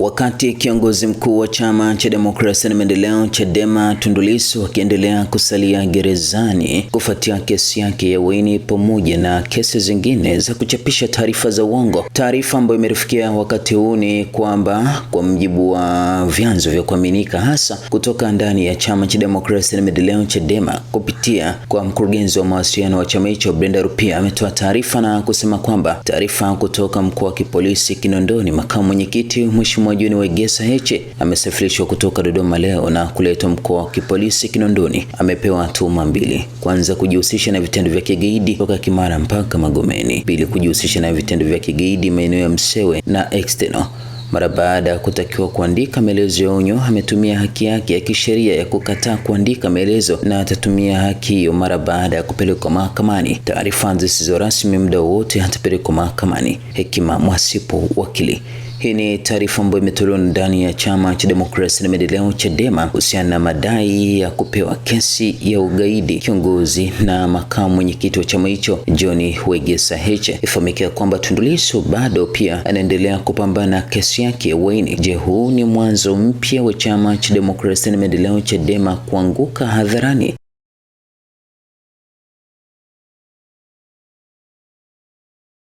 Wakati kiongozi mkuu wa chama cha demokrasia na maendeleo Chadema Tundu Lissu akiendelea kusalia gerezani kufuatia kesi yake ya uhaini pamoja na kesi zingine za kuchapisha taarifa za uongo. Taarifa ambayo imerifikia wakati huu ni kwamba kwa mjibu wa vyanzo vya kuaminika hasa kutoka ndani ya chama cha demokrasia na maendeleo Chadema kupitia kwa mkurugenzi wa mawasiliano wa chama hicho Brenda Rupia ametoa taarifa na kusema kwamba taarifa kutoka mkuu wa kipolisi Kinondoni, makamu mwenyekiti mheshimiwa Mwajuni Wegesa Heche amesafirishwa kutoka Dodoma leo na kuletwa mkoa wa kipolisi Kinondoni. Amepewa tuhuma mbili: kwanza, kujihusisha na vitendo vya kigaidi toka Kimara mpaka Magomeni; pili, kujihusisha na vitendo vya kigaidi maeneo ya Msewe na External. Mara baada ya kutakiwa kuandika maelezo ya onyo, ametumia haki yake ya kisheria ya kukataa kuandika maelezo na atatumia haki hiyo mara baada ya kupelekwa mahakamani. Taarifa zisizo rasmi muda wowote atapelekwa mahakamani. Hekima Mwasipo, wakili. Hii ni taarifa ambayo imetolewa ndani ya chama cha demokrasia na maendeleo Chadema kuhusiana na madai ya kupewa kesi ya ugaidi kiongozi na makamu mwenyekiti wa chama hicho John Wegesa Heche. Ifahamike kwamba Tundu Lissu bado pia anaendelea kupambana kesi yake ya uhaini. Je, huu ni mwanzo mpya wa chama cha demokrasia na maendeleo Chadema kuanguka hadharani?